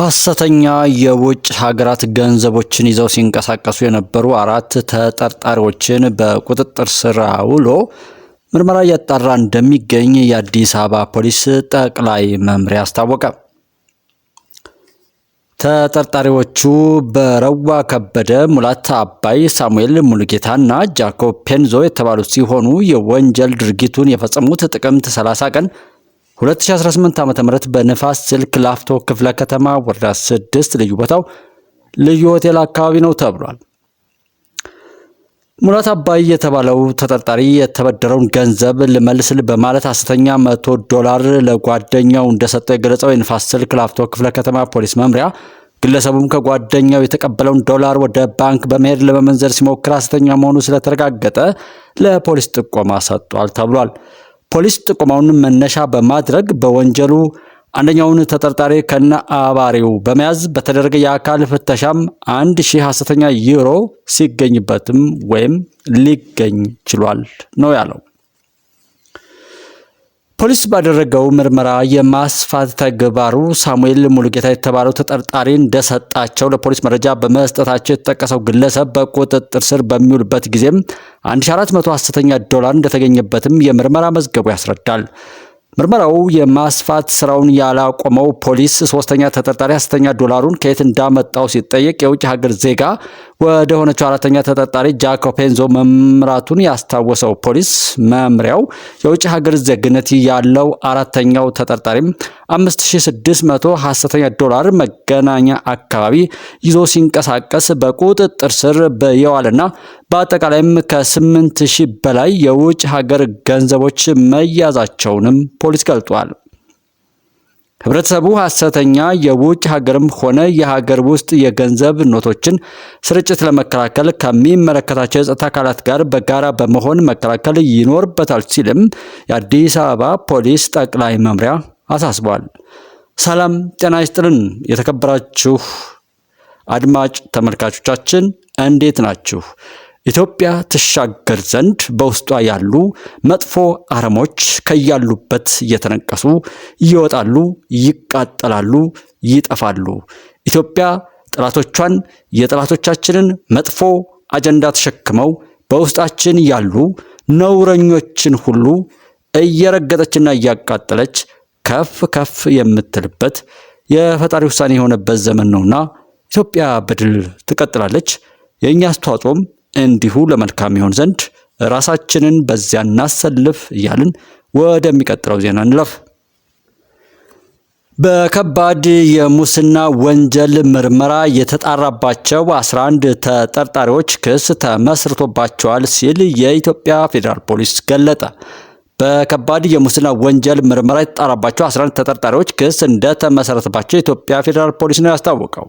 ሐሰተኛ የውጭ ሀገራት ገንዘቦችን ይዘው ሲንቀሳቀሱ የነበሩ አራት ተጠርጣሪዎችን በቁጥጥር ስር ውሎ ምርመራ እያጣራ እንደሚገኝ የአዲስ አበባ ፖሊስ ጠቅላይ መምሪያ አስታወቀ። ተጠርጣሪዎቹ በረዋ ከበደ፣ ሙላት አባይ፣ ሳሙኤል ሙሉጌታና ጃኮብ ፔንዞ የተባሉት ሲሆኑ የወንጀል ድርጊቱን የፈጸሙት ጥቅምት 30 ቀን 2018 ዓ.ም በንፋስ ስልክ ላፍቶ ክፍለ ከተማ ወረዳ 6 ልዩ ቦታው ልዩ ሆቴል አካባቢ ነው ተብሏል። ሙላት አባይ የተባለው ተጠርጣሪ የተበደረውን ገንዘብ ልመልስል በማለት ሐሰተኛ መቶ ዶላር ለጓደኛው እንደሰጠው የገለጸው የንፋስ ስልክ ላፍቶ ክፍለ ከተማ ፖሊስ መምሪያ ግለሰቡም ከጓደኛው የተቀበለውን ዶላር ወደ ባንክ በመሄድ ለመመንዘር ሲሞክር ሐሰተኛ መሆኑ ስለተረጋገጠ ለፖሊስ ጥቆማ ሰጥቷል ተብሏል። ፖሊስ ጥቆማውን መነሻ በማድረግ በወንጀሉ አንደኛውን ተጠርጣሪ ከነ አባሪው በመያዝ በተደረገ የአካል ፍተሻም አንድ ሺህ ሐሰተኛ ዩሮ ሲገኝበትም ወይም ሊገኝ ችሏል ነው ያለው። ፖሊስ ባደረገው ምርመራ የማስፋት ተግባሩ ሳሙኤል ሙሉጌታ የተባለው ተጠርጣሪ እንደሰጣቸው ለፖሊስ መረጃ በመስጠታቸው የተጠቀሰው ግለሰብ በቁጥጥር ስር በሚውልበት ጊዜም 1400 ሐሰተኛ ዶላር እንደተገኘበትም የምርመራ መዝገቡ ያስረዳል። ምርመራው የማስፋት ስራውን ያላቆመው ፖሊስ ሶስተኛ ተጠርጣሪ ሐሰተኛ ዶላሩን ከየት እንዳመጣው ሲጠየቅ የውጭ ሀገር ዜጋ ወደ ሆነችው አራተኛ ተጠርጣሪ ጃኮብ ፔንዞ መምራቱን ያስታወሰው ፖሊስ መምሪያው የውጭ ሀገር ዜግነት ያለው አራተኛው ተጠርጣሪም 5600 ሐሰተኛ ዶላር መገናኛ አካባቢ ይዞ ሲንቀሳቀስ በቁጥጥር ስር የዋለና በአጠቃላይም ከ8000 በላይ የውጭ ሀገር ገንዘቦች መያዛቸውንም ፖሊስ ገልጧል። ህብረተሰቡ ሐሰተኛ የውጭ ሀገርም ሆነ የሀገር ውስጥ የገንዘብ ኖቶችን ስርጭት ለመከላከል ከሚመለከታቸው የጸጥታ አካላት ጋር በጋራ በመሆን መከላከል ይኖርበታል ሲልም የአዲስ አበባ ፖሊስ ጠቅላይ መምሪያ አሳስቧል። ሰላም ጤና ይስጥልን። የተከበራችሁ አድማጭ ተመልካቾቻችን እንዴት ናችሁ? ኢትዮጵያ ትሻገር ዘንድ በውስጧ ያሉ መጥፎ አረሞች ከያሉበት እየተነቀሱ ይወጣሉ፣ ይቃጠላሉ፣ ይጠፋሉ። ኢትዮጵያ ጠላቶቿን የጠላቶቻችንን መጥፎ አጀንዳ ተሸክመው በውስጣችን ያሉ ነውረኞችን ሁሉ እየረገጠችና እያቃጠለች ከፍ ከፍ የምትልበት የፈጣሪ ውሳኔ የሆነበት ዘመን ነውና ኢትዮጵያ በድል ትቀጥላለች። የእኛ አስተዋጽኦም እንዲሁ ለመልካም ይሆን ዘንድ ራሳችንን በዚያ እናሰልፍ እያልን ወደሚቀጥለው ዜና እንለፍ። በከባድ የሙስና ወንጀል ምርመራ የተጣራባቸው 11 ተጠርጣሪዎች ክስ ተመስርቶባቸዋል ሲል የኢትዮጵያ ፌዴራል ፖሊስ ገለጠ። በከባድ የሙስና ወንጀል ምርመራ የተጣራባቸው 11 ተጠርጣሪዎች ክስ እንደተመሰረተባቸው የኢትዮጵያ ፌዴራል ፖሊስ ነው ያስታወቀው።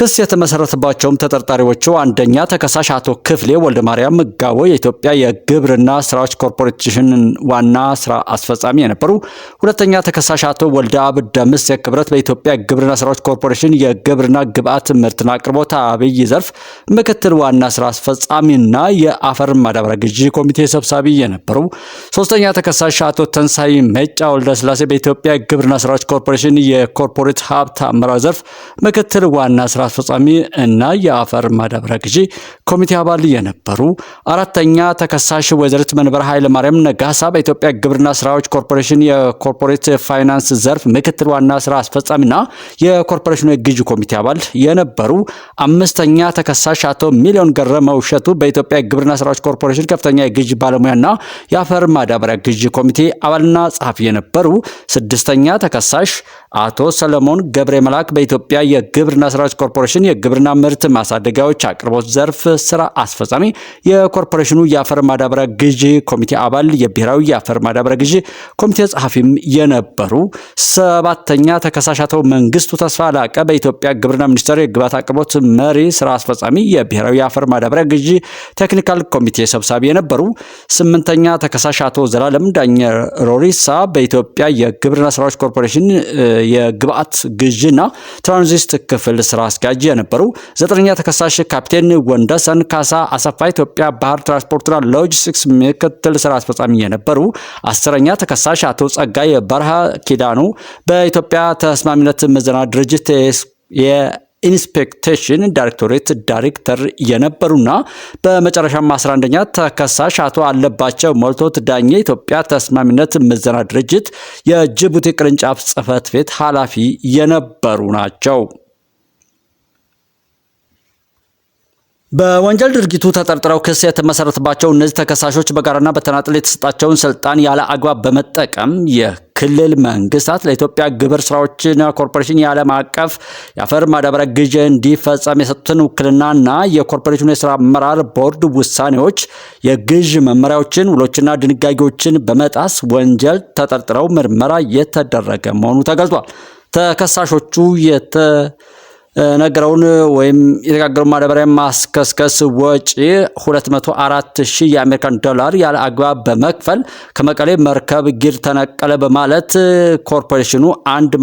ክስ የተመሰረተባቸውም ተጠርጣሪዎቹ አንደኛ ተከሳሽ አቶ ክፍሌ ወልደ ማርያም ጋቦ የኢትዮጵያ የግብርና ስራዎች ኮርፖሬሽን ዋና ስራ አስፈጻሚ የነበሩ፣ ሁለተኛ ተከሳሽ አቶ ወልደ አብ ደምሴ ክብረት በኢትዮጵያ ግብርና ስራዎች ኮርፖሬሽን የግብርና ግብአት ምርትና አቅርቦት አብይ ዘርፍ ምክትል ዋና ስራ አስፈጻሚና የአፈር ማዳበሪያ ግዢ ኮሚቴ ሰብሳቢ የነበሩ፣ ሶስተኛ ተከሳሽ አቶ ተንሳይ መጫ ወልደ ስላሴ በኢትዮጵያ ግብርና ስራዎች ኮርፖሬሽን የኮርፖሬት ሀብት አመራር ዘርፍ ምክትል ዋና ስራ ስራ አስፈጻሚ እና የአፈር ማዳበሪያ ግዢ ኮሚቴ አባል የነበሩ አራተኛ ተከሳሽ ወይዘሪት መንበረ ኃይለ ማርያም ነጋሳ በኢትዮጵያ ግብርና ስራዎች ኮርፖሬሽን የኮርፖሬት ፋይናንስ ዘርፍ ምክትል ዋና ስራ አስፈጻሚና የኮርፖሬሽኑ የግዢ ኮሚቴ አባል የነበሩ አምስተኛ ተከሳሽ አቶ ሚሊዮን ገረመው እሸቱ በኢትዮጵያ ግብርና ስራዎች ኮርፖሬሽን ከፍተኛ የግዢ ባለሙያና የአፈር ማዳበሪያ ግዢ ኮሚቴ አባልና ጸሐፊ የነበሩ ስድስተኛ ተከሳሽ አቶ ሰለሞን ገብረ መላክ በኢትዮጵያ የግብርና ስራዎች ኮርፖሬሽን የግብርና ምርት ማሳደጊያዎች አቅርቦት ዘርፍ ስራ አስፈጻሚ፣ የኮርፖሬሽኑ የአፈር ማዳበሪያ ግዢ ኮሚቴ አባል፣ የብሔራዊ የአፈር ማዳበሪያ ግዢ ኮሚቴ ጸሐፊም የነበሩ ሰባተኛ ተከሳሽ አቶ መንግስቱ ተስፋ ላቀ በኢትዮጵያ ግብርና ሚኒስቴር የግብዓት አቅርቦት መሪ ስራ አስፈጻሚ፣ የብሔራዊ የአፈር ማዳበሪያ ግዢ ቴክኒካል ኮሚቴ ሰብሳቢ የነበሩ ስምንተኛ ተከሳሽ አቶ ዘላለም ዳኘ ሮሪሳ በኢትዮጵያ የግብርና ስራዎች ኮርፖሬሽን የግብዓት ግዢና ትራንዚስት ክፍል ስራ አስኪያጅ የነበሩ ዘጠነኛ ተከሳሽ ካፕቴን ወንደሰን ካሳ አሰፋ ኢትዮጵያ ባህር ትራንስፖርትና ሎጂስቲክስ ምክትል ስራ አስፈጻሚ የነበሩ፣ አስረኛ ተከሳሽ አቶ ጸጋይ በረሃ ኪዳኑ በኢትዮጵያ ተስማሚነት ምዘና ድርጅት የኢንስፔክቴሽን ዳይሬክቶሬት ዳይሬክተር የነበሩና በመጨረሻም 11ኛ ተከሳሽ አቶ አለባቸው ሞልቶት ዳኘ የኢትዮጵያ ተስማሚነት ምዘና ድርጅት የጅቡቲ ቅርንጫፍ ጽህፈት ቤት ኃላፊ የነበሩ ናቸው። በወንጀል ድርጊቱ ተጠርጥረው ክስ የተመሰረተባቸው እነዚህ ተከሳሾች በጋራና በተናጠል የተሰጣቸውን ስልጣን ያለ አግባብ በመጠቀም የክልል መንግስታት ለኢትዮጵያ ግብር ስራዎችና ኮርፖሬሽን የዓለም አቀፍ የአፈር ማዳበሪያ ግዢ እንዲፈጸም የሰጡትን ውክልናና የኮርፖሬሽኑ የስራ አመራር ቦርድ ውሳኔዎች፣ የግዥ መመሪያዎችን፣ ውሎችና ድንጋጌዎችን በመጣስ ወንጀል ተጠርጥረው ምርመራ የተደረገ መሆኑ ተገልጿል። ተከሳሾቹ የተ ነገረውን ወይም የተጋገሩ ማዳበሪያ ማስከስከስ ወጪ 204 ሺህ የአሜሪካን ዶላር ያለ አግባብ በመክፈል ከመቀሌ መርከብ ጊር ተነቀለ በማለት ኮርፖሬሽኑ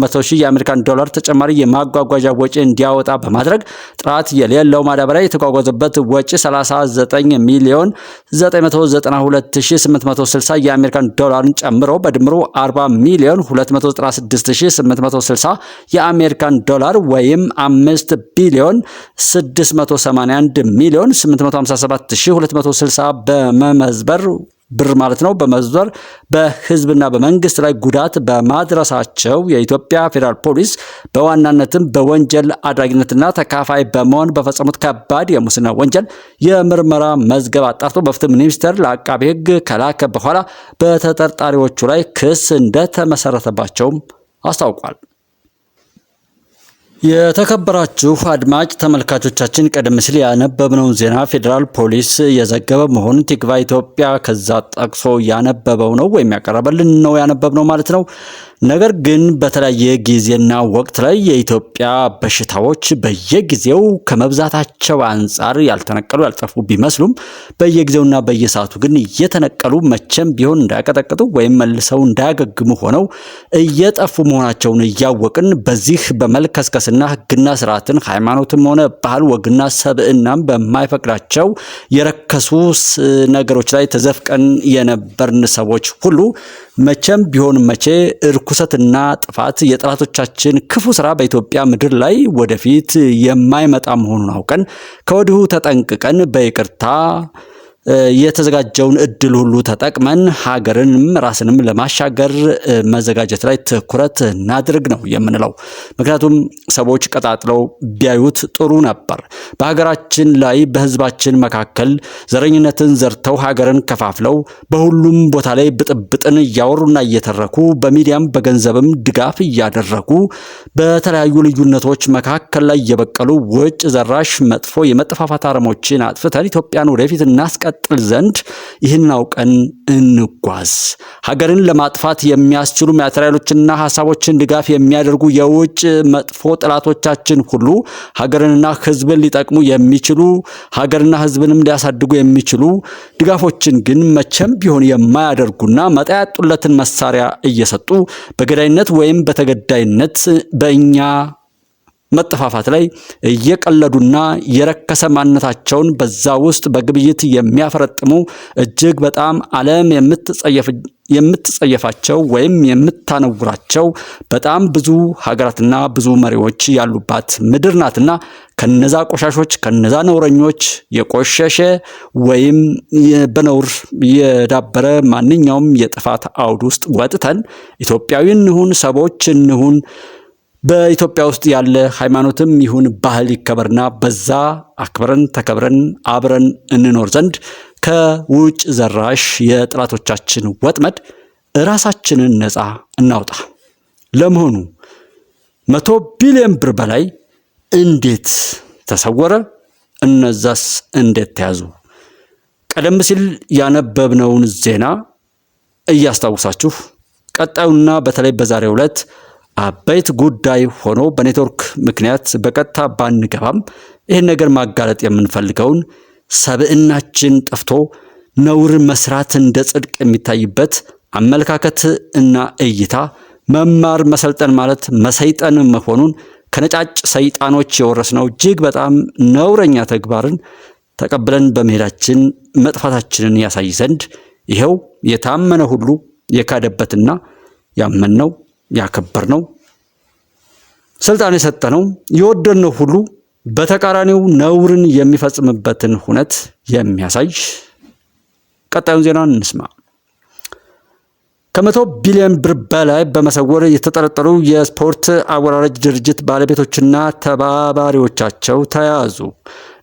100 ሺህ የአሜሪካን ዶላር ተጨማሪ የማጓጓዣ ወጪ እንዲያወጣ በማድረግ ጥራት የሌለው ማዳበሪያ የተጓጓዘበት ወጪ 39 ሚሊዮን 992860 የአሜሪካን ዶላርን ጨምሮ በድምሩ 40 ሚሊዮን 296860 የአሜሪካን ዶላር ወይም አምስት ቢሊዮን 681 ሚሊዮን 857260 በመመዝበር ብር ማለት ነው በመዝበር በህዝብና በመንግስት ላይ ጉዳት በማድረሳቸው የኢትዮጵያ ፌዴራል ፖሊስ በዋናነትም በወንጀል አድራጊነትና ተካፋይ በመሆን በፈጸሙት ከባድ የሙስና ወንጀል የምርመራ መዝገብ አጣርቶ በፍትህ ሚኒስቴር ለአቃቢ ህግ ከላከ በኋላ በተጠርጣሪዎቹ ላይ ክስ እንደተመሰረተባቸውም አስታውቋል። የተከበራችሁ አድማጭ ተመልካቾቻችን ቀደም ሲል ያነበብነውን ዜና ፌዴራል ፖሊስ የዘገበ መሆኑን ቲግቫ ኢትዮጵያ ከዛ ጠቅሶ ያነበበው ነው ወይም ያቀረበልን ነው ያነበብነው ማለት ነው። ነገር ግን በተለያየ ጊዜና ወቅት ላይ የኢትዮጵያ በሽታዎች በየጊዜው ከመብዛታቸው አንጻር ያልተነቀሉ ያልጠፉ ቢመስሉም በየጊዜውና በየሰዓቱ ግን እየተነቀሉ መቼም ቢሆን እንዳያቀጠቅጡ ወይም መልሰው እንዳያገግሙ ሆነው እየጠፉ መሆናቸውን እያወቅን በዚህ በመልከስከስና ሕግና ስርዓትን ሃይማኖትም ሆነ ባህል ወግና ሰብዕናም በማይፈቅዳቸው የረከሱ ነገሮች ላይ ተዘፍቀን የነበርን ሰዎች ሁሉ መቼም ቢሆን መቼ እርኩሰትና ጥፋት የጠላቶቻችን ክፉ ስራ በኢትዮጵያ ምድር ላይ ወደፊት የማይመጣ መሆኑን አውቀን ከወዲሁ ተጠንቅቀን በይቅርታ የተዘጋጀውን እድል ሁሉ ተጠቅመን ሀገርንም ራስንም ለማሻገር መዘጋጀት ላይ ትኩረት እናድርግ ነው የምንለው። ምክንያቱም ሰዎች ቀጣጥለው ቢያዩት ጥሩ ነበር። በሀገራችን ላይ በህዝባችን መካከል ዘረኝነትን ዘርተው ሀገርን ከፋፍለው በሁሉም ቦታ ላይ ብጥብጥን እያወሩና እየተረኩ በሚዲያም በገንዘብም ድጋፍ እያደረጉ በተለያዩ ልዩነቶች መካከል ላይ የበቀሉ ውጭ ዘራሽ መጥፎ የመጠፋፋት አረሞችን አጥፍተን ኢትዮጵያን ወደፊት እናስቀ ይቀጥል ዘንድ ይህን አውቀን እንጓዝ። ሀገርን ለማጥፋት የሚያስችሉ ማቴሪያሎችና ሀሳቦችን ድጋፍ የሚያደርጉ የውጭ መጥፎ ጠላቶቻችን ሁሉ ሀገርንና ሕዝብን ሊጠቅሙ የሚችሉ ሀገርና ሕዝብንም ሊያሳድጉ የሚችሉ ድጋፎችን ግን መቼም ቢሆን የማያደርጉና መጣያጡለትን መሳሪያ እየሰጡ በገዳይነት ወይም በተገዳይነት በእኛ መጠፋፋት ላይ እየቀለዱና የረከሰ ማንነታቸውን በዛ ውስጥ በግብይት የሚያፈረጥሙ እጅግ በጣም ዓለም የምትጸየፋቸው ወይም የምታነውራቸው በጣም ብዙ ሀገራትና ብዙ መሪዎች ያሉባት ምድር ናትና ከነዛ ቆሻሾች ከነዛ ነውረኞች የቆሸሸ ወይም በነውር የዳበረ ማንኛውም የጥፋት አውድ ውስጥ ወጥተን ኢትዮጵያዊ እንሁን፣ ሰቦች እንሁን በኢትዮጵያ ውስጥ ያለ ሃይማኖትም ይሁን ባህል ይከበርና በዛ አክብረን ተከብረን አብረን እንኖር ዘንድ ከውጭ ዘራሽ የጠላቶቻችን ወጥመድ ራሳችንን ነፃ እናውጣ። ለመሆኑ መቶ ቢሊዮን ብር በላይ እንዴት ተሰወረ? እነዛስ እንዴት ተያዙ? ቀደም ሲል ያነበብነውን ዜና እያስታውሳችሁ ቀጣዩና በተለይ በዛሬው ዕለት አበይት ጉዳይ ሆኖ በኔትወርክ ምክንያት በቀጥታ ባንገባም ይህን ነገር ማጋለጥ የምንፈልገውን ሰብዕናችን ጠፍቶ ነውር መስራት እንደ ጽድቅ የሚታይበት አመለካከት እና እይታ መማር መሰልጠን ማለት መሰይጠን መሆኑን ከነጫጭ ሰይጣኖች የወረስነው እጅግ በጣም ነውረኛ ተግባርን ተቀብለን በመሄዳችን መጥፋታችንን ያሳይ ዘንድ ይኸው የታመነ ሁሉ የካደበትና ያመነው ያከበር ነው ስልጣን የሰጠ ነው የወደድ ነው ሁሉ በተቃራኒው ነውርን የሚፈጽምበትን ሁነት የሚያሳይ ቀጣዩን ዜና እንስማ። ከመቶ ቢሊዮን ብር በላይ በመሰወር የተጠረጠሩ የስፖርት አወራረጅ ድርጅት ባለቤቶችና ተባባሪዎቻቸው ተያዙ።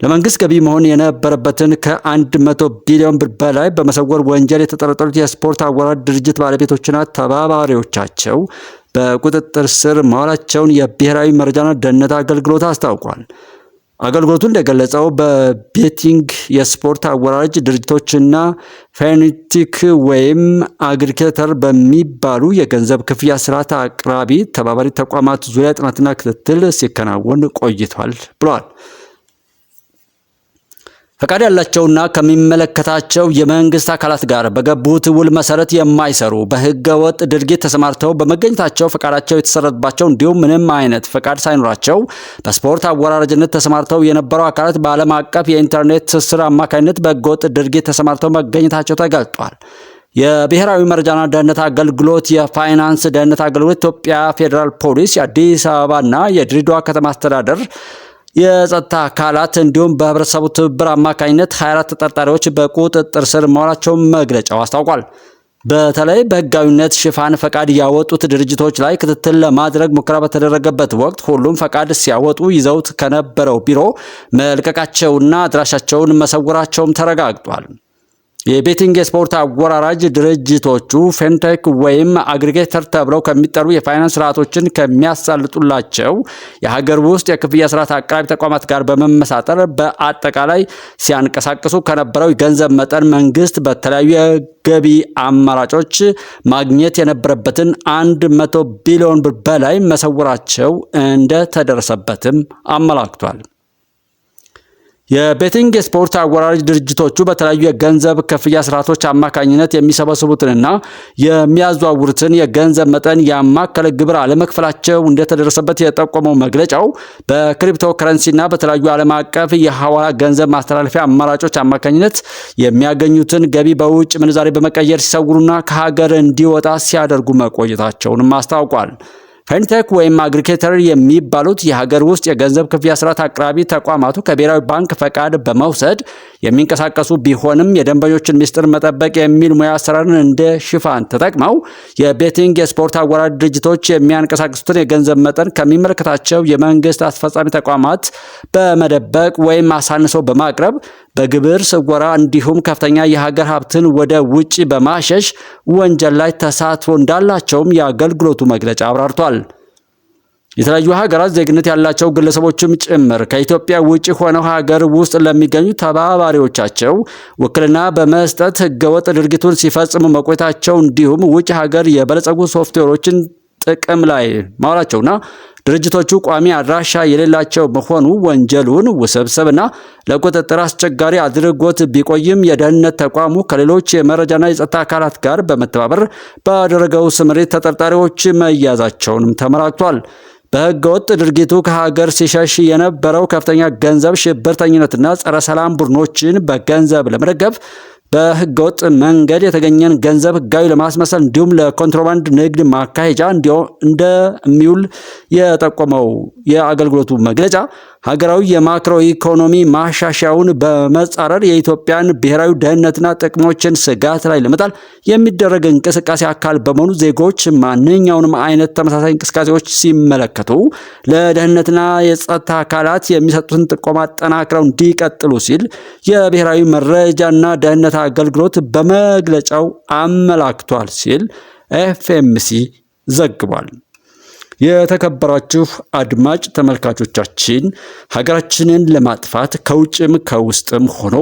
ለመንግስት ገቢ መሆን የነበረበትን ከ100 ቢሊዮን ብር በላይ በመሰወር ወንጀል የተጠረጠሩት የስፖርት አወራረጅ ድርጅት ባለቤቶችና ተባባሪዎቻቸው በቁጥጥር ስር መዋላቸውን የብሔራዊ መረጃና ደህንነት አገልግሎት አስታውቋል። አገልግሎቱ እንደገለጸው በቤቲንግ የስፖርት አወራራጅ ድርጅቶችና ፋይኒቲክ ወይም አግሪኬተር በሚባሉ የገንዘብ ክፍያ ስርዓት አቅራቢ ተባባሪ ተቋማት ዙሪያ ጥናትና ክትትል ሲከናወን ቆይቷል ብለዋል። ፈቃድ ያላቸውና ከሚመለከታቸው የመንግስት አካላት ጋር በገቡት ውል መሰረት የማይሰሩ በህገ ወጥ ድርጊት ተሰማርተው በመገኘታቸው ፈቃዳቸው የተሰረዘባቸው እንዲሁም ምንም አይነት ፈቃድ ሳይኖራቸው በስፖርት አወራረጅነት ተሰማርተው የነበሩ አካላት በዓለም አቀፍ የኢንተርኔት ትስስር አማካኝነት በህገ ወጥ ድርጊት ተሰማርተው መገኘታቸው ተገልጧል። የብሔራዊ መረጃና ደህንነት አገልግሎት፣ የፋይናንስ ደህንነት አገልግሎት፣ ኢትዮጵያ ፌዴራል ፖሊስ፣ የአዲስ አበባና የድሬዳዋ ከተማ አስተዳደር የጸጥታ አካላት እንዲሁም በህብረተሰቡ ትብብር አማካኝነት 24 ተጠርጣሪዎች በቁጥጥር ስር መዋላቸውን መግለጫው አስታውቋል። በተለይ በህጋዊነት ሽፋን ፈቃድ ያወጡት ድርጅቶች ላይ ክትትል ለማድረግ ሙከራ በተደረገበት ወቅት ሁሉም ፈቃድ ሲያወጡ ይዘውት ከነበረው ቢሮ መልቀቃቸውና አድራሻቸውን መሰውራቸውም ተረጋግጧል። የቤቲንግ የስፖርት አወራራጅ ድርጅቶቹ ፌንቴክ ወይም አግሪጌተር ተብለው ከሚጠሩ የፋይናንስ ስርዓቶችን ከሚያሳልጡላቸው የሀገር ውስጥ የክፍያ ስርዓት አቅራቢ ተቋማት ጋር በመመሳጠር በአጠቃላይ ሲያንቀሳቅሱ ከነበረው የገንዘብ መጠን መንግስት በተለያዩ የገቢ አማራጮች ማግኘት የነበረበትን አንድ መቶ ቢሊዮን ብር በላይ መሰወራቸው እንደተደረሰበትም አመላክቷል። የቤቲንግ የስፖርት አወራራጅ ድርጅቶቹ በተለያዩ የገንዘብ ክፍያ ስርዓቶች አማካኝነት የሚሰበስቡትንና የሚያዘዋውሩትን የገንዘብ መጠን ያማከለ ግብር አለመክፈላቸው እንደተደረሰበት የጠቆመው መግለጫው በክሪፕቶ ከረንሲና በተለያዩ ዓለም አቀፍ የሐዋላ ገንዘብ ማስተላለፊያ አማራጮች አማካኝነት የሚያገኙትን ገቢ በውጭ ምንዛሬ በመቀየር ሲሰውሩና ከሀገር እንዲወጣ ሲያደርጉ መቆየታቸውንም አስታውቋል። ፌንቴክ ወይም አግሪጌተር የሚባሉት የሀገር ውስጥ የገንዘብ ክፍያ ስርዓት አቅራቢ ተቋማቱ ከብሔራዊ ባንክ ፈቃድ በመውሰድ የሚንቀሳቀሱ ቢሆንም የደንበኞችን ሚስጥር መጠበቅ የሚል ሙያ አሰራርን እንደ ሽፋን ተጠቅመው የቤቲንግ የስፖርት አወራድ ድርጅቶች የሚያንቀሳቅሱትን የገንዘብ መጠን ከሚመለከታቸው የመንግስት አስፈጻሚ ተቋማት በመደበቅ ወይም አሳንሰው በማቅረብ በግብር ስወራ እንዲሁም ከፍተኛ የሀገር ሀብትን ወደ ውጭ በማሸሽ ወንጀል ላይ ተሳትፎ እንዳላቸውም የአገልግሎቱ መግለጫ አብራርቷል። የተለያዩ ሀገራት ዜግነት ያላቸው ግለሰቦችም ጭምር ከኢትዮጵያ ውጭ ሆነው ሀገር ውስጥ ለሚገኙ ተባባሪዎቻቸው ውክልና በመስጠት ህገወጥ ድርጊቱን ሲፈጽሙ መቆየታቸው እንዲሁም ውጭ ሀገር የበለጸጉ ሶፍትዌሮችን ጥቅም ላይ ማዋላቸውና ድርጅቶቹ ቋሚ አድራሻ የሌላቸው መሆኑ ወንጀሉን ውስብስብና ለቁጥጥር አስቸጋሪ አድርጎት ቢቆይም የደህንነት ተቋሙ ከሌሎች የመረጃና የጸጥታ አካላት ጋር በመተባበር ባደረገው ስምሪት ተጠርጣሪዎች መያዛቸውንም ተመላክቷል። በህገወጥ ድርጊቱ ከሀገር ሲሸሽ የነበረው ከፍተኛ ገንዘብ ሽብርተኝነትና ጸረ ሰላም ቡድኖችን በገንዘብ ለመደገፍ በህገወጥ መንገድ የተገኘን ገንዘብ ህጋዊ ለማስመሰል እንዲሁም ለኮንትሮባንድ ንግድ ማካሄጃ እንደሚውል የጠቆመው የአገልግሎቱ መግለጫ ሀገራዊ የማክሮ ኢኮኖሚ ማሻሻያውን በመጻረር የኢትዮጵያን ብሔራዊ ደህንነትና ጥቅሞችን ስጋት ላይ ለመጣል የሚደረግ እንቅስቃሴ አካል በመሆኑ ዜጎች ማንኛውንም አይነት ተመሳሳይ እንቅስቃሴዎች ሲመለከቱ ለደህንነትና የጸጥታ አካላት የሚሰጡትን ጥቆማ አጠናክረው እንዲቀጥሉ ሲል የብሔራዊ መረጃና ደህንነት አገልግሎት በመግለጫው አመላክቷል ሲል ኤፍኤምሲ ዘግቧል። የተከበራችሁ አድማጭ ተመልካቾቻችን ሀገራችንን ለማጥፋት ከውጭም ከውስጥም ሆኖ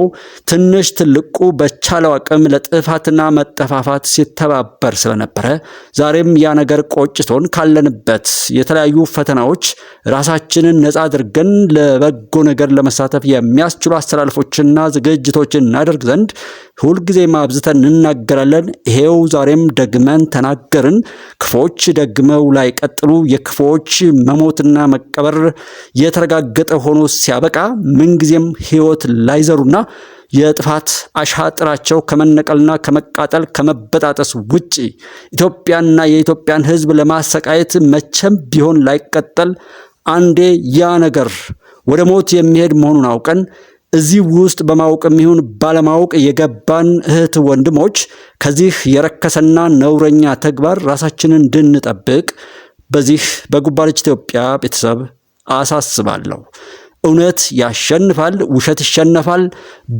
ትንሽ ትልቁ በቻለው አቅም ለጥፋትና መጠፋፋት ሲተባበር ስለነበረ ዛሬም ያ ነገር ቆጭቶን ካለንበት የተለያዩ ፈተናዎች ራሳችንን ነፃ አድርገን ለበጎ ነገር ለመሳተፍ የሚያስችሉ አስተላልፎችና ዝግጅቶችን እናደርግ ዘንድ ሁልጊዜ አብዝተን እንናገራለን። ይሄው ዛሬም ደግመን ተናገርን። ክፎች ደግመው ላይቀጥሉ የክፉዎች መሞትና መቀበር የተረጋገጠ ሆኖ ሲያበቃ ምንጊዜም ሕይወት ላይዘሩና የጥፋት አሻጥራቸው ከመነቀልና ከመቃጠል ከመበጣጠስ ውጪ ኢትዮጵያና የኢትዮጵያን ሕዝብ ለማሰቃየት መቼም ቢሆን ላይቀጠል አንዴ ያ ነገር ወደ ሞት የሚሄድ መሆኑን አውቀን እዚህ ውስጥ በማወቅ የሚሆን ባለማወቅ የገባን እህት ወንድሞች ከዚህ የረከሰና ነውረኛ ተግባር ራሳችንን እንድንጠብቅ በዚህ በጉባለች ኢትዮጵያ ቤተሰብ አሳስባለሁ። እውነት ያሸንፋል፣ ውሸት ይሸነፋል።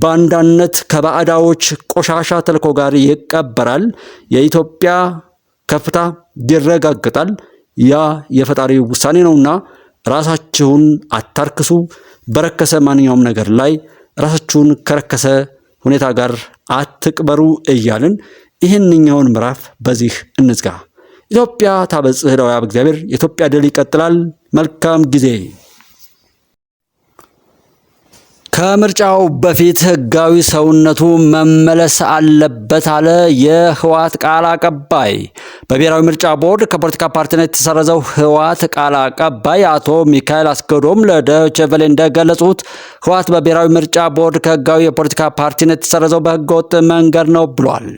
ባንዳነት ከባዕዳዎች ቆሻሻ ተልኮ ጋር ይቀበራል። የኢትዮጵያ ከፍታ ይረጋግጣል። ያ የፈጣሪ ውሳኔ ነውና ራሳችሁን አታርክሱ። በረከሰ ማንኛውም ነገር ላይ ራሳችሁን ከረከሰ ሁኔታ ጋር አትቅበሩ እያልን ይህንኛውን ምዕራፍ በዚህ እንዝጋ። ኢትዮጵያ ታበጽሕ እደዊሃ እግዚአብሔር። የኢትዮጵያ ድል ይቀጥላል። መልካም ጊዜ። ከምርጫው በፊት ህጋዊ ሰውነቱ መመለስ አለበት አለ የህወሓት ቃል አቀባይ። በብሔራዊ ምርጫ ቦርድ ከፖለቲካ ፓርቲነት የተሰረዘው ህወሓት ቃል አቀባይ አቶ ሚካኤል አስገዶም ለዶይቼ ቬለ እንደገለጹት ህወሓት በብሔራዊ ምርጫ ቦርድ ከህጋዊ የፖለቲካ ፓርቲነት የተሰረዘው በህገወጥ መንገድ ነው ብሏል።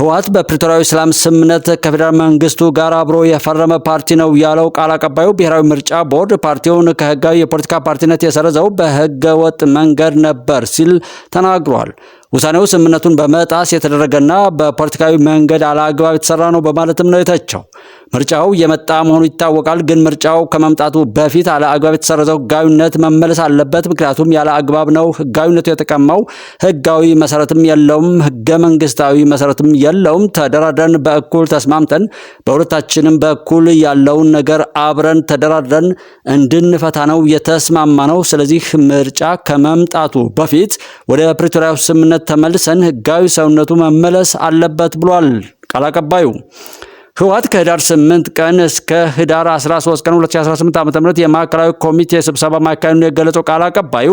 ህወሓት በፕሪቶሪያዊ ሰላም ስምምነት ከፌዴራል መንግስቱ ጋር አብሮ የፈረመ ፓርቲ ነው ያለው ቃል አቀባዩ ብሔራዊ ምርጫ ቦርድ ፓርቲውን ከህጋዊ የፖለቲካ ፓርቲነት የሰረዘው በህገ ወጥ መንገድ ነበር ሲል ተናግሯል። ውሳኔው ስምምነቱን በመጣስ የተደረገና በፖለቲካዊ መንገድ አላግባብ የተሰራ ነው በማለትም ነው የተቸው። ምርጫው የመጣ መሆኑ ይታወቃል። ግን ምርጫው ከመምጣቱ በፊት አለአግባብ የተሰረዘው ህጋዊነት መመለስ አለበት። ምክንያቱም ያለ አግባብ ነው። ህጋዊነቱ የተቀማው ህጋዊ መሰረትም የለውም። ህገ መንግስታዊ መሰረት መሰረትም የለውም። ተደራድረን በእኩል ተስማምተን በሁለታችንም በኩል ያለውን ነገር አብረን ተደራድረን እንድንፈታ ነው የተስማማ ነው። ስለዚህ ምርጫ ከመምጣቱ በፊት ወደ ፕሪቶሪያው ስምምነት ተመልሰን ህጋዊ ሰውነቱ መመለስ አለበት ብሏል ቃል አቀባዩ። ህወሓት ከህዳር 8 ቀን እስከ ህዳር 13 ቀን 2018 ዓ.ም የማዕከላዊ ኮሚቴ ስብሰባ ማካሄዱን የገለጸው ቃል አቀባዩ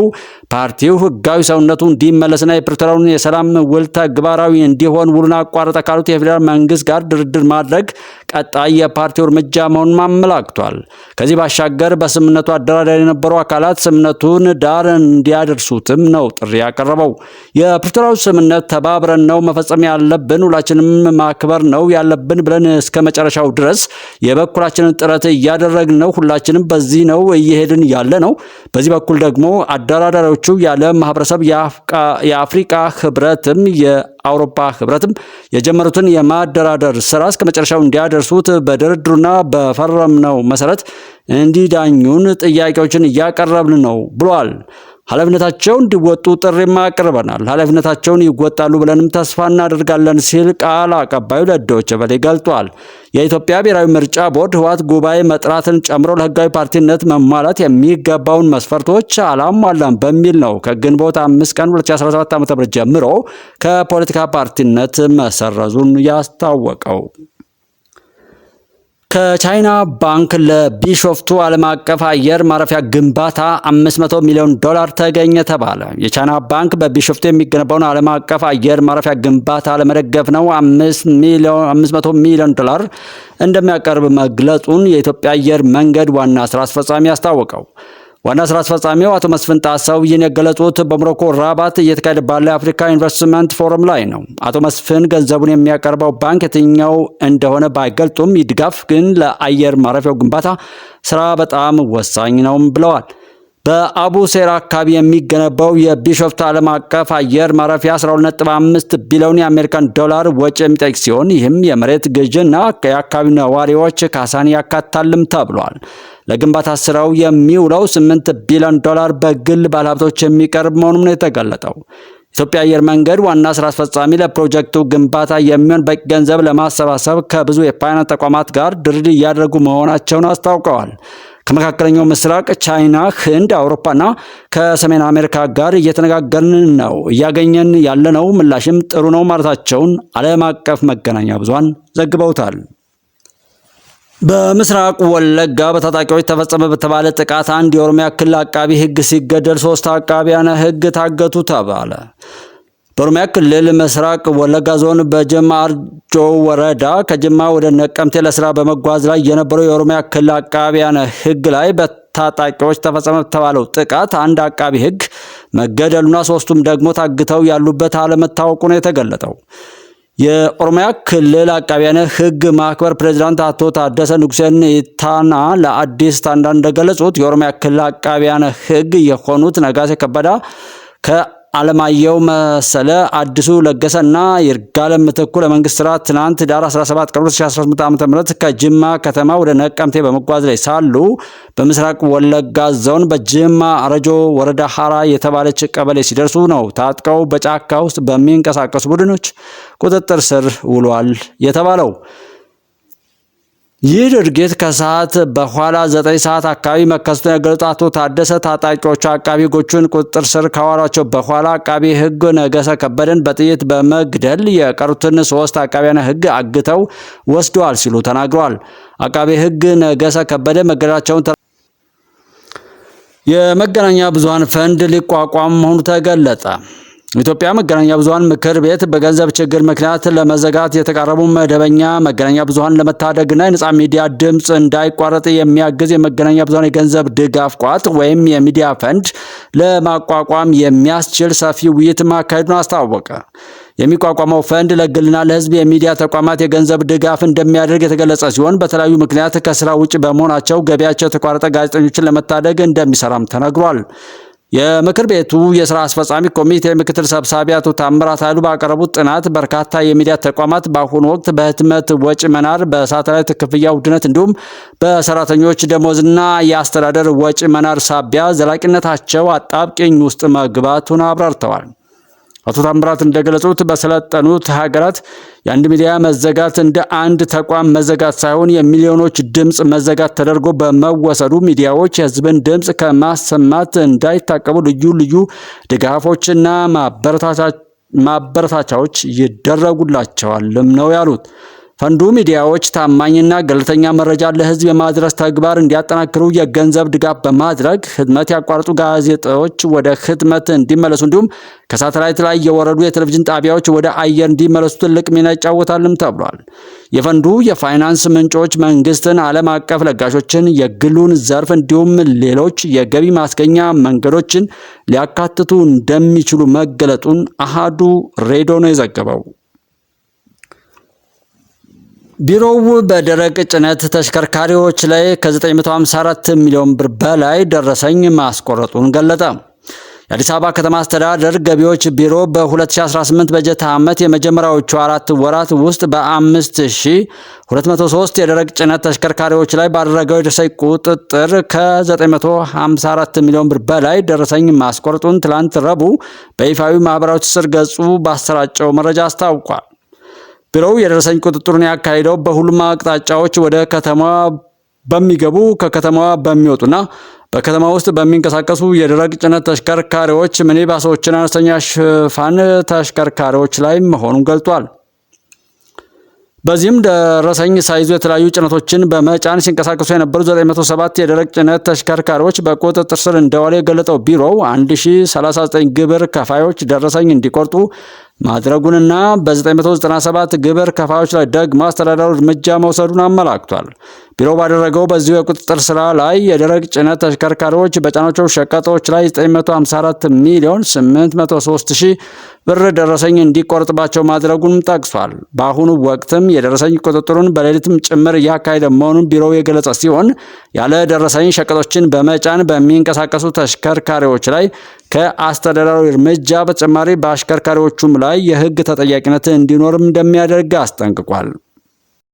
ፓርቲው ህጋዊ ሰውነቱ እንዲመለስና የፕሪቶሪያውን የሰላም ውል ተግባራዊ እንዲሆን ውሉን አቋረጠ ካሉት የፌዴራል መንግስት ጋር ድርድር ማድረግ ቀጣይ የፓርቲው እርምጃ መሆኑን አመላክቷል። ከዚህ ባሻገር በስምምነቱ አደራዳሪ የነበሩ አካላት ስምምነቱን ዳር እንዲያደርሱትም ነው ጥሪ ያቀረበው። የፕሪቶሪያው ስምምነት ተባብረን ነው መፈጸም ያለብን፣ ሁላችንም ማክበር ነው ያለብን ብለን እስከ መጨረሻው ድረስ የበኩላችንን ጥረት እያደረግን ነው። ሁላችንም በዚህ ነው እየሄድን ያለ ነው። በዚህ በኩል ደግሞ አደራዳሪዎቹ ያለ ማህበረሰብ የአፍሪቃ ህብረትም የአውሮፓ ህብረትም የጀመሩትን የማደራደር ስራ እስከ መጨረሻው እንዲያደ የሚያደርሱት በድርድሩና በፈረምነው መሰረት እንዲዳኙን ጥያቄዎችን እያቀረብን ነው ብሏል። ኃላፊነታቸውን እንዲወጡ ጥሪም አቅርበናል። ኃላፊነታቸውን ይወጣሉ ብለንም ተስፋ እናደርጋለን ሲል ቃል አቀባዩ ለደዎች በሌ ገልጧል። የኢትዮጵያ ብሔራዊ ምርጫ ቦርድ ህወሓት ጉባኤ መጥራትን ጨምሮ ለህጋዊ ፓርቲነት መሟላት የሚገባውን መስፈርቶች አላሟላም በሚል ነው ከግንቦት 5 ቀን 2017 ዓ.ም ጀምሮ ከፖለቲካ ፓርቲነት መሰረዙን ያስታወቀው። ከቻይና ባንክ ለቢሾፍቱ ዓለም አቀፍ አየር ማረፊያ ግንባታ 500 ሚሊዮን ዶላር ተገኘ ተባለ። የቻይና ባንክ በቢሾፍቱ የሚገነባውን ዓለም አቀፍ አየር ማረፊያ ግንባታ ለመደገፍ ነው 500 ሚሊዮን ዶላር እንደሚያቀርብ መግለጹን የኢትዮጵያ አየር መንገድ ዋና ስራ አስፈጻሚ አስታወቀው። ዋና ስራ አስፈጻሚው አቶ መስፍን ጣሰው ይህን የገለጹት በሞሮኮ ራባት እየተካሄደ ባለ የአፍሪካ ኢንቨስትመንት ፎረም ላይ ነው። አቶ መስፍን ገንዘቡን የሚያቀርበው ባንክ የትኛው እንደሆነ ባይገልጡም ይህ ድጋፍ ግን ለአየር ማረፊያው ግንባታ ስራ በጣም ወሳኝ ነውም ብለዋል። በአቡ ሴራ አካባቢ የሚገነባው የቢሾፍት ዓለም አቀፍ አየር ማረፊያ 12.5 ቢሊዮን የአሜሪካን ዶላር ወጪ የሚጠይቅ ሲሆን ይህም የመሬት ግዥና የአካባቢ ነዋሪዎች ካሳን ያካታልም ተብሏል። ለግንባታ ስራው የሚውለው 8 ቢሊዮን ዶላር በግል ባለሀብቶች የሚቀርብ መሆኑም ነው የተገለጠው። ኢትዮጵያ አየር መንገድ ዋና ስራ አስፈጻሚ ለፕሮጀክቱ ግንባታ የሚሆን በቂ ገንዘብ ለማሰባሰብ ከብዙ የፋይናንስ ተቋማት ጋር ድርድር እያደረጉ መሆናቸውን አስታውቀዋል። ከመካከለኛው ምስራቅ፣ ቻይና፣ ህንድ፣ አውሮፓና ከሰሜን አሜሪካ ጋር እየተነጋገርን ነው። እያገኘን ያለነው ምላሽም ጥሩ ነው ማለታቸውን ዓለም አቀፍ መገናኛ ብዙሃን ዘግበውታል። በምስራቅ ወለጋ በታጣቂዎች ተፈጸመ በተባለ ጥቃት አንድ የኦሮሚያ ክልል አቃቢ ህግ ሲገደል ሶስት አቃቢያነ ህግ ታገቱ ተባለ። በኦሮሚያ ክልል ምስራቅ ወለጋ ዞን በጅማ አርጆ ወረዳ ከጅማ ወደ ነቀምቴ ለስራ በመጓዝ ላይ የነበረው የኦሮሚያ ክልል አቃቢያነ ህግ ላይ በታጣቂዎች ተፈጸመ በተባለው ጥቃት አንድ አቃቢ ህግ መገደሉና ሶስቱም ደግሞ ታግተው ያሉበት አለመታወቁ ነው የተገለጠው። የኦሮሚያ ክልል አቃቢያነ ሕግ ማክበር ፕሬዚዳንት አቶ ታደሰ ንጉሴን ኢታና ለአዲስ ስታንዳርድ እንደገለጹት የኦሮሚያ ክልል አቃቢያነ ሕግ የሆኑት ነጋሴ ከበዳ ከ አለማየሁ መሰለ፣ አዲሱ ለገሰና ይርጋለም ምትኩ ለመንግስት ስራ ትናንት ዳር 17 ቀን 2018 ዓ ም ከጅማ ከተማ ወደ ነቀምቴ በመጓዝ ላይ ሳሉ በምስራቅ ወለጋ ዞን በጅማ አረጆ ወረዳ ሀራ የተባለች ቀበሌ ሲደርሱ ነው ታጥቀው በጫካ ውስጥ በሚንቀሳቀሱ ቡድኖች ቁጥጥር ስር ውሏል የተባለው። ይህ ድርጊት ከሰዓት በኋላ ዘጠኝ ሰዓት አካባቢ መከሰቱን የገለጹት አቶ ታደሰ ታጣቂዎቹ አቃቢ ጎቹን ቁጥጥር ስር ካዋሏቸው በኋላ አቃቢ ህግ ነገሰ ከበደን በጥይት በመግደል የቀሩትን ሶስት አቃቢያነ ህግ አግተው ወስደዋል ሲሉ ተናግረዋል። አቃቢ ህግ ነገሰ ከበደ መገደላቸውን የመገናኛ ብዙሃን ፈንድ ሊቋቋም መሆኑ ተገለጠ። ኢትዮጵያ መገናኛ ብዙሃን ምክር ቤት በገንዘብ ችግር ምክንያት ለመዘጋት የተቃረቡ መደበኛ መገናኛ ብዙሃን ለመታደግና የነጻ ሚዲያ ድምፅ እንዳይቋረጥ የሚያግዝ የመገናኛ ብዙኃን የገንዘብ ድጋፍ ቋት ወይም የሚዲያ ፈንድ ለማቋቋም የሚያስችል ሰፊ ውይይት ማካሄዱን አስታወቀ። የሚቋቋመው ፈንድ ለግልና ለሕዝብ የሚዲያ ተቋማት የገንዘብ ድጋፍ እንደሚያደርግ የተገለጸ ሲሆን በተለያዩ ምክንያት ከስራ ውጭ በመሆናቸው ገቢያቸው የተቋረጠ ጋዜጠኞችን ለመታደግ እንደሚሰራም ተነግሯል። የምክር ቤቱ የስራ አስፈጻሚ ኮሚቴ ምክትል ሰብሳቢ አቶ ታምራት ኃይሉ ባቀረቡት ጥናት በርካታ የሚዲያ ተቋማት በአሁኑ ወቅት በህትመት ወጪ መናር፣ በሳተላይት ክፍያ ውድነት እንዲሁም በሰራተኞች ደሞዝና የአስተዳደር ወጪ መናር ሳቢያ ዘላቂነታቸው አጣብቂኝ ውስጥ መግባቱን አብራርተዋል። አቶ ታምራት እንደገለጹት በሰለጠኑት ሀገራት የአንድ ሚዲያ መዘጋት እንደ አንድ ተቋም መዘጋት ሳይሆን የሚሊዮኖች ድምፅ መዘጋት ተደርጎ በመወሰዱ ሚዲያዎች የሕዝብን ድምፅ ከማሰማት እንዳይታቀቡ ልዩ ልዩ ድጋፎችና ማበረታቻዎች ይደረጉላቸዋልም ነው ያሉት። ፈንዱ ሚዲያዎች ታማኝና ገለልተኛ መረጃ ለህዝብ የማድረስ ተግባር እንዲያጠናክሩ የገንዘብ ድጋፍ በማድረግ ህትመት ያቋረጡ ጋዜጦች ወደ ህትመት እንዲመለሱ እንዲሁም ከሳተላይት ላይ የወረዱ የቴሌቪዥን ጣቢያዎች ወደ አየር እንዲመለሱ ትልቅ ሚና ይጫወታልም ተብሏል። የፈንዱ የፋይናንስ ምንጮች መንግስትን፣ ዓለም አቀፍ ለጋሾችን፣ የግሉን ዘርፍ እንዲሁም ሌሎች የገቢ ማስገኛ መንገዶችን ሊያካትቱ እንደሚችሉ መገለጡን አሃዱ ሬዲዮ ነው የዘገበው። ቢሮው በደረቅ ጭነት ተሽከርካሪዎች ላይ ከ954 ሚሊዮን ብር በላይ ደረሰኝ ማስቆረጡን ገለጠ። የአዲስ አበባ ከተማ አስተዳደር ገቢዎች ቢሮ በ2018 በጀት ዓመት የመጀመሪያዎቹ አራት ወራት ውስጥ በ5203 የደረቅ ጭነት ተሽከርካሪዎች ላይ ባደረገው የደረሰኝ ቁጥጥር ከ954 ሚሊዮን ብር በላይ ደረሰኝ ማስቆረጡን ትላንት ረቡዕ በይፋዊ ማኅበራዊ ትስስር ገጹ ባሰራጨው መረጃ አስታውቋል። ቢሮው የደረሰኝ ቁጥጥሩን ያካሄደው በሁሉም አቅጣጫዎች ወደ ከተማዋ በሚገቡ ከከተማዋ በሚወጡና በከተማ ውስጥ በሚንቀሳቀሱ የደረቅ ጭነት ተሽከርካሪዎች፣ ሚኒባሶችና አነስተኛ ሽፋን ተሽከርካሪዎች ላይ መሆኑን ገልጧል። በዚህም ደረሰኝ ሳይዙ የተለያዩ ጭነቶችን በመጫን ሲንቀሳቀሱ የነበሩ 97 የደረቅ ጭነት ተሽከርካሪዎች በቁጥጥር ስር እንደዋለ የገለጠው ቢሮው 1039 ግብር ከፋዮች ደረሰኝ እንዲቆርጡ ማድረጉንና በ997 ግብር ከፋዮች ላይ ደግሞ አስተዳደሩ እርምጃ መውሰዱን አመላክቷል። ቢሮ ባደረገው በዚሁ የቁጥጥር ስራ ላይ የደረቅ ጭነት ተሽከርካሪዎች በጫናቸው ሸቀጦች ላይ 954 ሚሊዮን 803 ሺህ ብር ደረሰኝ እንዲቆርጥባቸው ማድረጉንም ጠቅሷል። በአሁኑ ወቅትም የደረሰኝ ቁጥጥሩን በሌሊትም ጭምር እያካሄደ መሆኑን ቢሮው የገለጸ ሲሆን ያለ ደረሰኝ ሸቀጦችን በመጫን በሚንቀሳቀሱ ተሽከርካሪዎች ላይ ከአስተዳደራዊ እርምጃ በተጨማሪ በአሽከርካሪዎቹም ላይ የህግ ተጠያቂነት እንዲኖርም እንደሚያደርግ አስጠንቅቋል።